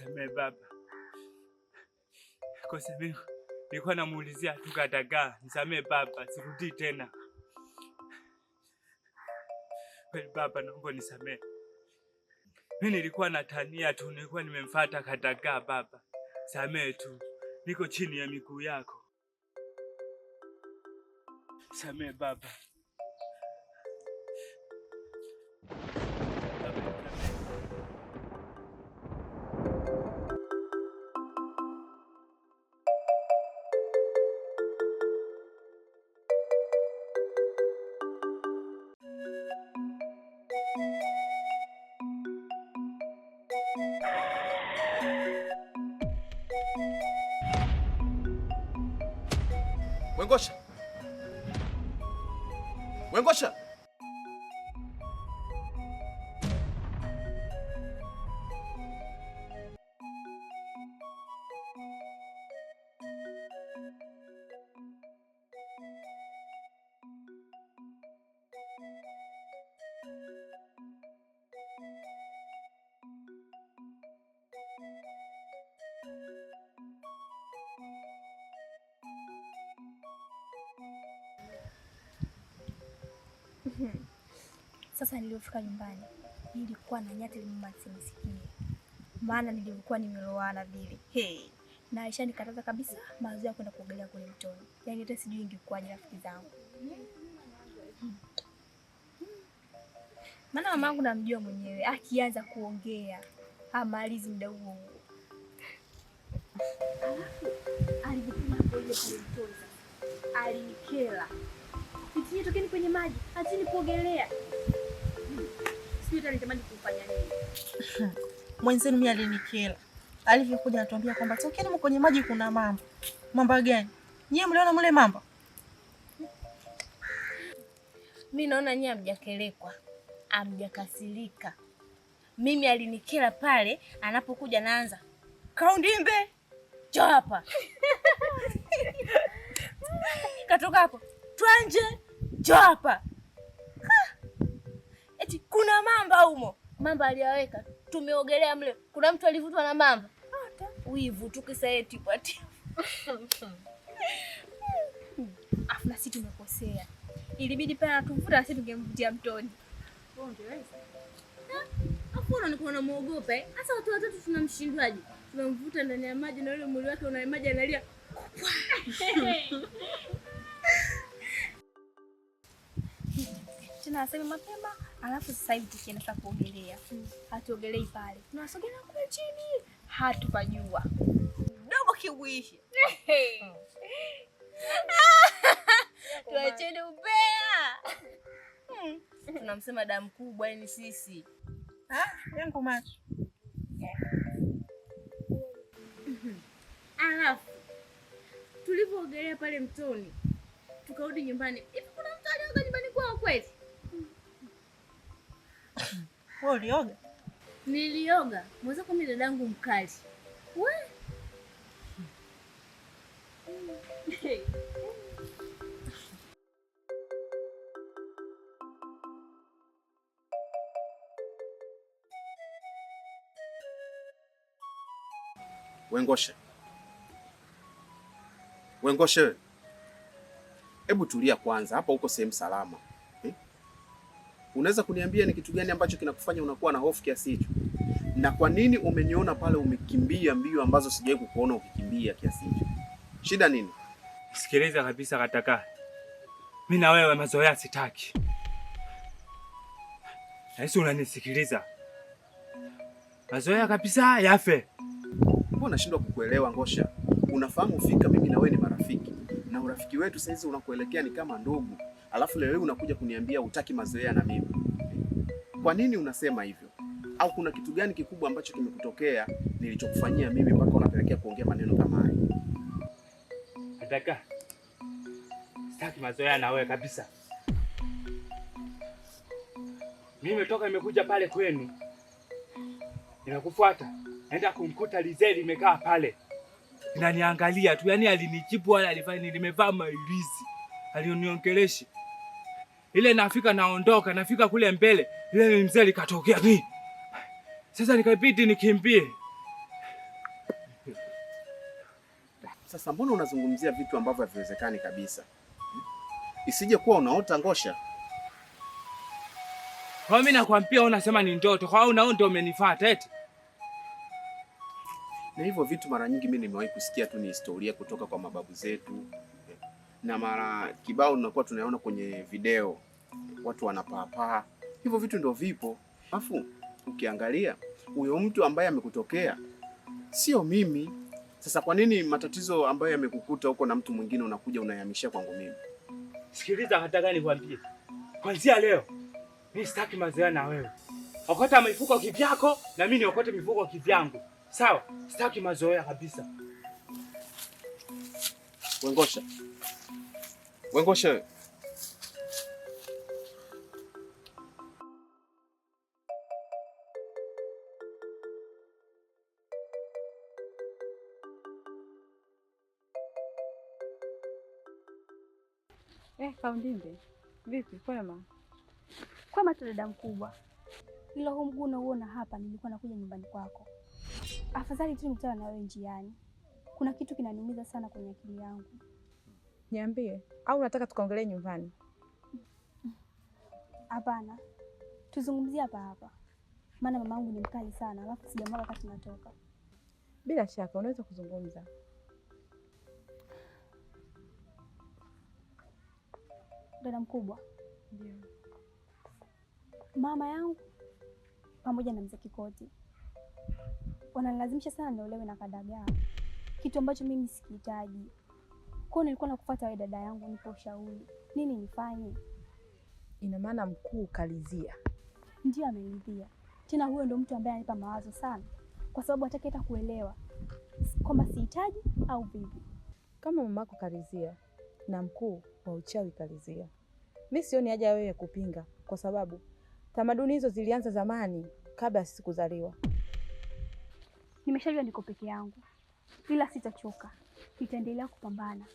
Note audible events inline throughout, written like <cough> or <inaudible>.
Nisamehe baba, kosa mimi nilikuwa namuulizia tu kadagaa. Nisamee baba, sirudii tena kweli baba, naomba nisamee. Mimi nilikuwa natania tu, nilikuwa nimemfuata kadagaa baba, samee tu, niko chini ya miguu yako, Samee baba. Hmm. Sasa niliofika nyumbani nilikuwa na nyati limasimsikie, maana nilivyokuwa nimeloana vile hey. na Aisha nikataza kabisa mawazo ya kwenda kuogelea kwenye mtoni, yaani hata sijui ingekuwaje rafiki zangu maana maana yangu namjua mwenyewe, akianza kuongea amalizi muda huo huo alinikela nyinyi tokeni kwenye maji, achini kuogelea. Hmm. kufanya nini. <laughs> Mwenzenu mimi alinikela. Alivyokuja anatuambia kwamba tokeni kwenye maji kuna mamba. Mamba gani? Nyie mliona mle mamba? Mimi naona nyie amjakelekwa amjakasirika Mimi alinikela pale anapokuja naanza. Kaundimbe. Njoo hapa. <laughs> Katoka hapo. Twanje. Njoo hapa. Eti kuna mamba humo. Mamba aliyaweka. Tumeogelea mle. Kuna mtu alivutwa na mamba. Hata Wivu tukisaeti pati. <laughs> afuna, si tumekosea. Ilibidi pale atuvuta na sisi tungemvutia mtoni. Wewe ungeweza? Afu unaonekana unamuogopa. Eh? Hasa watu watatu tunamshindwaje? Tunamvuta ndani ya maji na yule mwili wake una maji analia. <laughs> tena aseme mapema, alafu sasa hivi tukienda sasa kuogelea mm. hatuogelei pale, tunasogelea kule chini, hatupajua dogo kiwishi. <laughs> tuacheni ubea hmm. tunamsema damu kubwa, ni sisi ah, yangu macho hmm. alafu tulivyoogelea pale mtoni tukarudi nyumbani, hivi kuna mtu alioga nyumbani kwao kweli? Wewe ulioga? Nilioga. kwa mimi dadangu mkali. We? <laughs> Wengoshe, Wengoshe, hebu tulia kwanza, hapa uko sehemu salama. Unaweza kuniambia ni kitu gani ambacho kinakufanya unakuwa na hofu kiasi hicho? Na kwa nini umeniona pale umekimbia mbio ambazo sijawahi kukuona ukikimbia kiasi hicho? Shida nini? Sikiliza kabisa Kataka. Mimi na wewe mazoea sitaki. Nahisi unanisikiliza. Mazoea kabisa yafe. Mbona nashindwa kukuelewa Ngosha? Unafahamu fika mimi na wewe ni marafiki. Na urafiki wetu sasa hizi unakuelekea ni kama ndugu alafu leo unakuja kuniambia utaki mazoea na mimi. Kwa nini unasema hivyo? Au kuna kitu gani kikubwa ambacho kimekutokea nilichokufanyia mimi mpaka unapelekea kuongea maneno kama haya? Nataka sitaki mazoea na wewe kabisa. Mimi nimetoka nimekuja pale kwenu, nimekufuata naenda kumkuta Lizeli imekaa pale inaniangalia tu, yaani alinijibu wala alifanya, nilimevaa mailizi alioniongelesha ile nafika naondoka, nafika kule mbele, ile mzee likatokea pi. Sasa nikabidi nikimbie. Sasa mbona unazungumzia vitu ambavyo haviwezekani kabisa? Isije kuwa unaota ngosha. Kwa mimi nakwambia, unasema ni ndoto, kwa hiyo ndio umenifuata eti. Na hivyo vitu mara nyingi mimi nimewahi kusikia tu, ni historia kutoka kwa mababu zetu na mara kibao tunakuwa tunaona kwenye video watu wanapaapaa. Hivyo vitu ndio vipo, alafu ukiangalia huyo mtu ambaye amekutokea sio mimi. Sasa kwa nini matatizo ambayo yamekukuta huko na mtu mwingine unakuja unayahamishia kwangu mimi? Sikiliza, nataka nikwambie kwanzia leo mimi sitaki mazoea na wewe. Okota mifuko kivyako na mimi niokote mifuko kivyangu, sawa? Sitaki mazoea kabisa, Wengosha. Wengoshe. Eh, Kaundimbe, vipi? Kwema? Kwema tu dada mkubwa, ila huu mguu unauona hapa, nilikuwa nakuja nyumbani kwako. Afadhali tu nikutana na wewe njiani, kuna kitu kinaniumiza sana kwenye akili yangu. Niambie au nataka tukaongelee nyumbani? Hapana, tuzungumzie hapa hapa, maana mamangu ni mkali sana, alafu sijamwona wakati natoka. Bila shaka unaweza kuzungumza. Dada mkubwa, ndio mama yangu pamoja na mzee Kikoti wanalazimisha sana niolewe na Kadagaa, kitu ambacho mimi sikihitaji kwao. nilikuwa nakufuata wewe dada yangu, nipo ushauri nini nifanye. Ina maana mkuu kalizia? Ndio, amelidhia. Tena huyo ndo mtu ambaye anipa mawazo sana, kwa sababu hataki kuelewa kwamba sihitaji au vipi. Kama mamako kalizia na mkuu wa uchawi kalizia, mi sioni haja wewe kupinga, kwa sababu tamaduni hizo zilianza zamani kabla ya sisi kuzaliwa. Nimeshajua niko peke yangu, ila sitachoka nitaendelea kupambana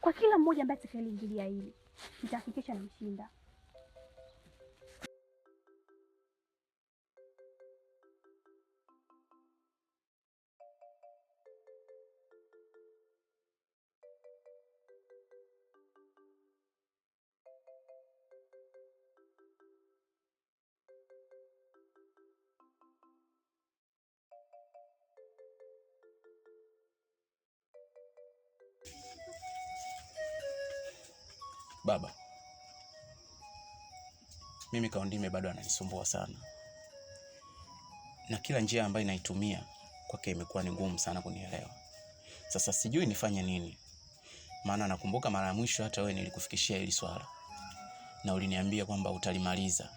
kwa kila mmoja ambaye atakayeingilia hili, nitahakikisha namshinda. Baba, mimi Kaundime bado ananisumbua sana, na kila njia ambayo inaitumia kwake imekuwa ni ngumu sana kunielewa. Sasa sijui nifanye nini, maana nakumbuka mara ya mwisho hata wewe nilikufikishia hili swala na uliniambia kwamba utalimaliza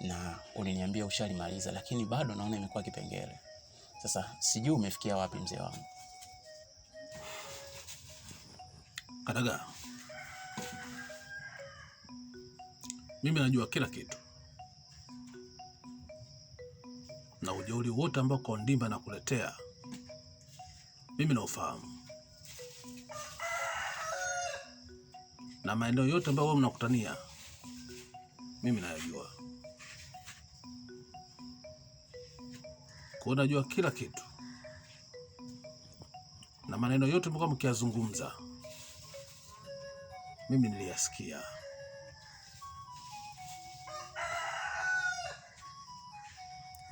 na uliniambia ushalimaliza, lakini bado naona imekuwa kipengele. Sasa sijui umefikia wapi mzee wangu Kadagaa. Mimi najua kila kitu na ujauri wote ambao Kondimba nakuletea mimi naufahamu, na maeneo yote ambayo wewe mnakutania mimi nayajua. Kwa najua kila kitu na maneno yote mlikuwa mkiyazungumza mimi niliyasikia.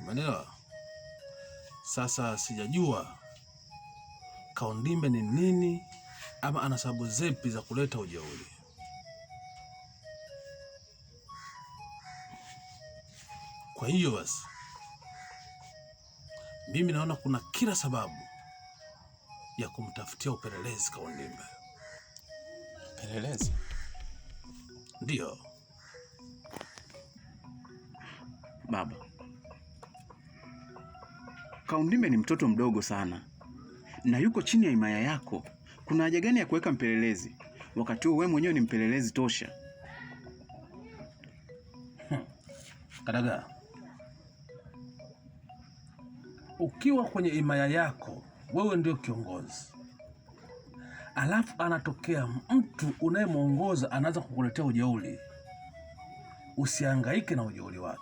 Umeelewa? Sasa sijajua Kaundimbe ni nini ama ana sababu zipi za kuleta ujeuri. Kwa hiyo basi mimi naona kuna kila sababu ya kumtafutia upelelezi Kaundimbe. Upelelezi ndiyo baba Kaundimbe ni mtoto mdogo sana na yuko chini ya himaya yako. Kuna haja gani ya kuweka mpelelezi wakati huo wewe mwenyewe ni mpelelezi tosha? Hmm. kadaga ukiwa kwenye himaya yako wewe ndio kiongozi, alafu anatokea mtu unayemwongoza anaanza kukuletea ujeuri. Usihangaike na ujeuri wake.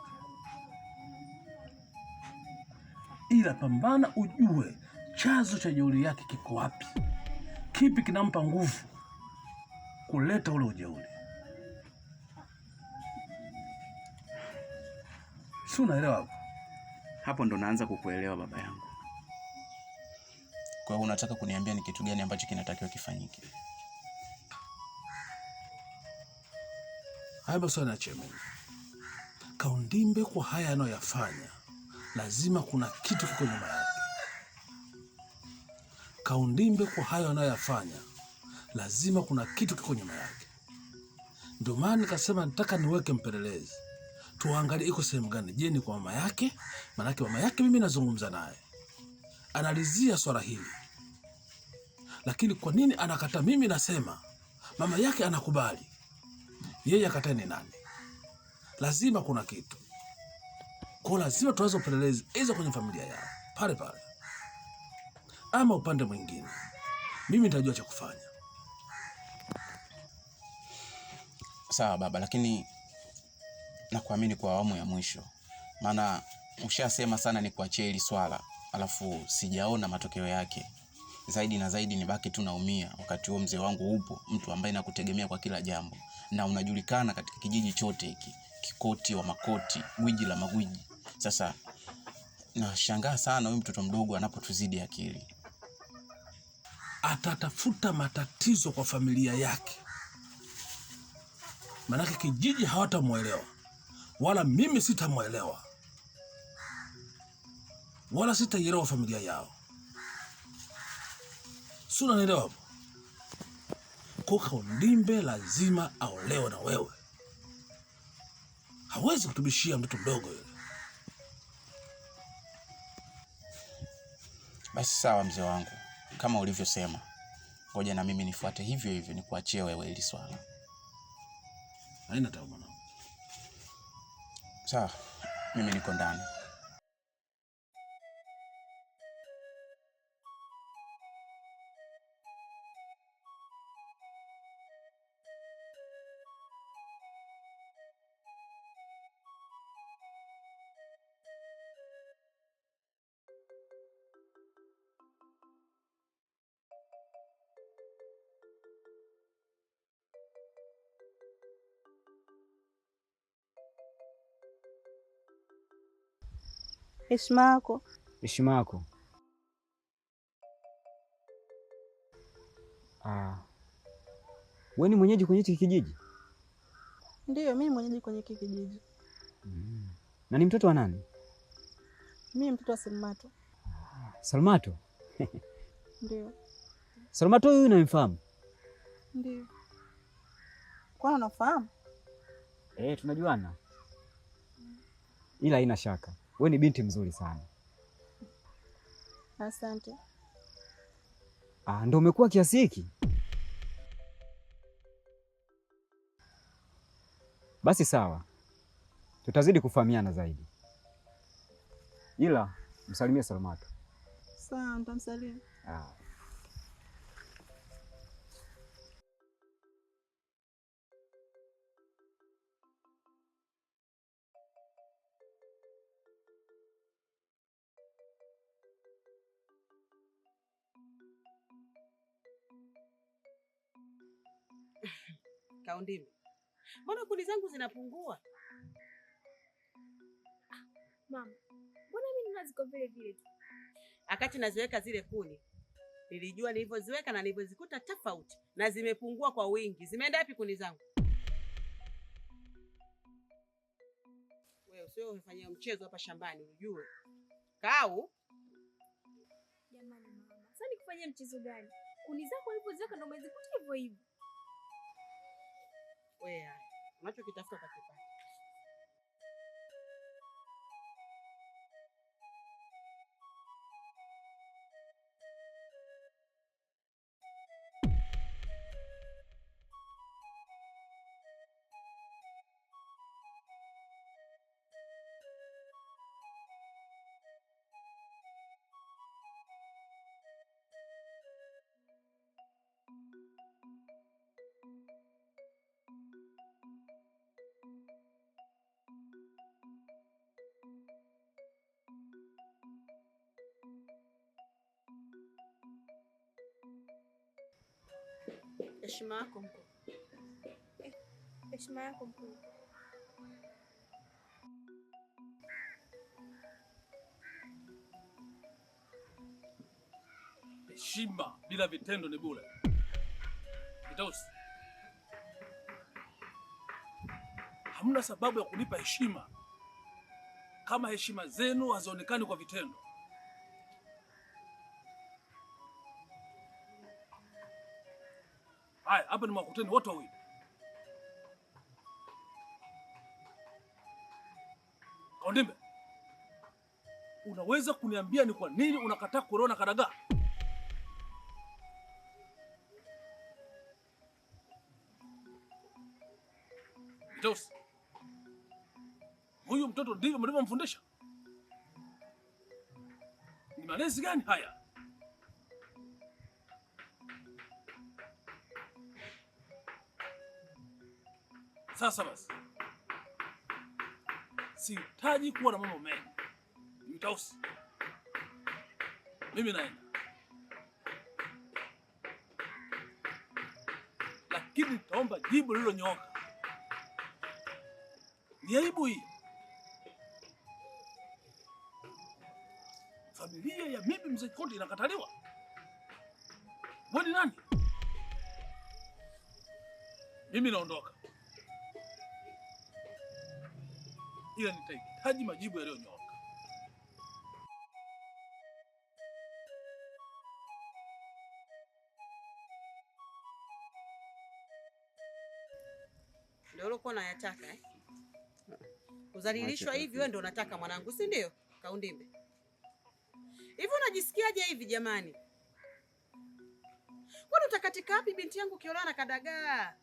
ila pambana ujue chanzo cha jeuri yake kiko wapi, kipi kinampa nguvu kuleta ule ujeuri. Si unaelewa hapo? Hapo ndo naanza kukuelewa baba yangu. Kwa hiyo unataka kuniambia ni kitu gani ambacho kinatakiwa kifanyike? Haya basi, na kaundimbe kwa haya anayoyafanya lazima kuna kitu kiko nyuma yake. Kaundimbe kwa hayo anayoyafanya, lazima kuna kitu kiko nyuma yake. Ndio maana nikasema nataka niweke mpelelezi, tuangalie iko sehemu gani. Je, ni kwa mama yake? Maanake mama yake mimi nazungumza naye, analizia swala hili, lakini kwa nini anakata? Mimi nasema mama yake anakubali, yeye akatae ni nani? Lazima kuna kitu kwa lazima tuanze upelelezi hizo kwenye familia yao pale pale. Ama upande mwingine, mimi nitajua cha kufanya. Sawa baba, lakini nakuamini kwa awamu ya mwisho, maana ushasema sana ni kuachia hili swala, alafu sijaona matokeo yake. Zaidi na zaidi nibaki tu naumia, wakati huo mzee wangu upo, mtu ambaye nakutegemea kwa kila jambo, na unajulikana katika kijiji chote hiki, kikoti wa makoti, gwiji la magwiji. Sasa nashangaa sana huyu mtoto mdogo anapotuzidi akili. Atatafuta matatizo kwa familia yake, maanake kijiji hawatamwelewa, wala mimi sitamwelewa, wala sitaielewa familia yao. Si unanielewa hapo? Koka lazima aolewe na wewe, hawezi kutubishia mtoto mdogo yule. Basi sawa, mzee wangu, kama ulivyosema, ngoja na mimi nifuate hivyo hivyo, nikuachie wewe hili swala. Haina tabu mwanangu. Sawa, mimi niko ndani. heshima yako. Heshima yako. Ah. Wewe ni mwenyeji kwenye hiki kijiji? Ndiyo, mimi mwenyeji kwenye hiki kijiji. Mm. Na ni mtoto wa nani? Mimi mtoto wa Salmato. Ah, Salmato? <laughs> Ndiyo. Salmato huyu unamfahamu? Ndiyo. Kwani unafahamu? Eh, tunajuana. Ila haina shaka wewe ni binti mzuri sana. Asante. Ah, ndio umekuwa kiasi hiki? Basi sawa, tutazidi kufahamiana zaidi, ila msalimie Salamatu. Sawa, nitamsalimia. Ah. Kaundime, mbona kuni zangu zinapungua? Ah, mama, mbona mimi ziko vile vile tu? Akati naziweka zile kuni nilijua nilivyoziweka na nilivyozikuta tofauti, na zimepungua kwa wingi. Zimeenda wapi kuni zangu? Wewe usio umefanyia mchezo hapa shambani, ujue kau jamani. Sasa nikufanyie mchezo gani? Kuni zako ulivyoziweka ndio umezikuta hivyo hivyo. Wewe, unachokitafuta utakipa. heshima yako mkuu. Heshima yako mkuu. Heshima bila vitendo ni bure. Vitausi, hamna sababu ya kunipa heshima kama heshima zenu hazionekani kwa vitendo. Haya, hapa ni makuteni wote wawili. Kaundimbe, unaweza kuniambia ni kwa nini unakataa kuolewa na Kadagaa? Tosi, huyu mtoto ndivyo mlivyomfundisha? Ni malezi gani haya? Sasa basi, sihitaji kuwa na mambo mengi Mtausi, mimi naenda, lakini nitaomba jibu lililonyooka. Ni aibu hii familia ya mimi mzee Konde inakataliwa. Wewe ni nani? Mimi naondoka. ila nitahitaji majibu yaliyonyooka. Ndio ulikuwa unayataka eh? Kudhalilishwa hivi wewe ndio unataka mwanangu, si ndio? Kaundimbe, hivi unajisikiaje hivi jamani? Kwani utakatika wapi binti yangu ukiolewa na kadagaa?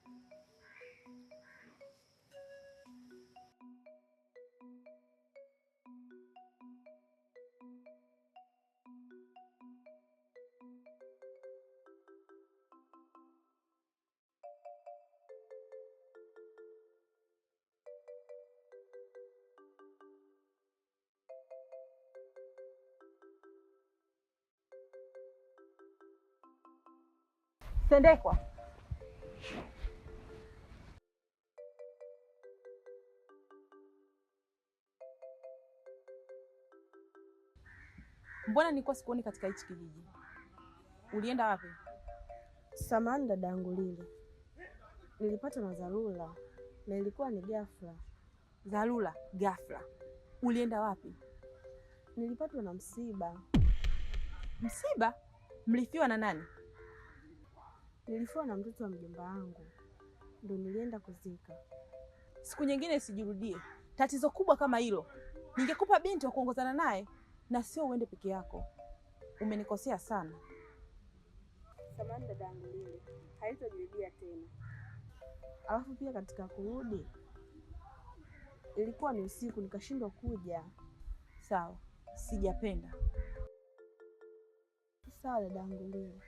Sendekwa. Mbona nilikuwa sikuoni katika hichi kijiji? Ulienda wapi? Samani dada yangu lile, nilipata na dharura na ilikuwa ni ghafla. Dharura ghafla? Ulienda wapi? Nilipatwa na msiba. Msiba? Mlifiwa na nani? nilifua na mtoto wa mjomba wangu, ndo nilienda kuzika. Siku nyingine sijirudie tatizo kubwa kama hilo. Ningekupa binti wa kuongozana naye na sio uende peke yako. Umenikosea sana. Samahani dadangu, lile haitajirudia tena. Alafu pia katika kurudi ilikuwa ni usiku, nikashindwa kuja. Sawa, sijapenda. Sawa dadangu, lile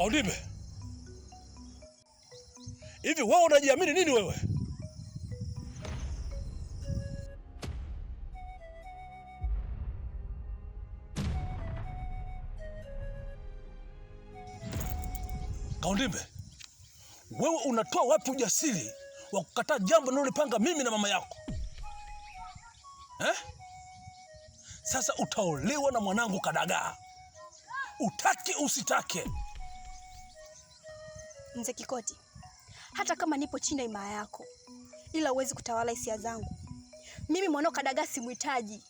Kaundimbe, hivi wewe unajiamini nini wewe? Kaundimbe, wewe unatoa wapi ujasiri wa kukataa jambo nilolipanga mimi na mama yako eh? Sasa utaolewa na mwanangu Kadagaa, utake usitake. Mzee Kikoti, hata kama nipo chini ya yako, ila huwezi kutawala hisia zangu. Mimi mwanao Kadaga simhitaji.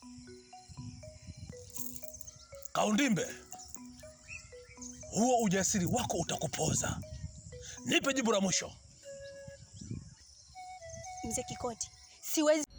Kaundimbe, huo ujasiri wako utakupoza. Nipe jibu la mwisho, Mzee Kikoti, siwezi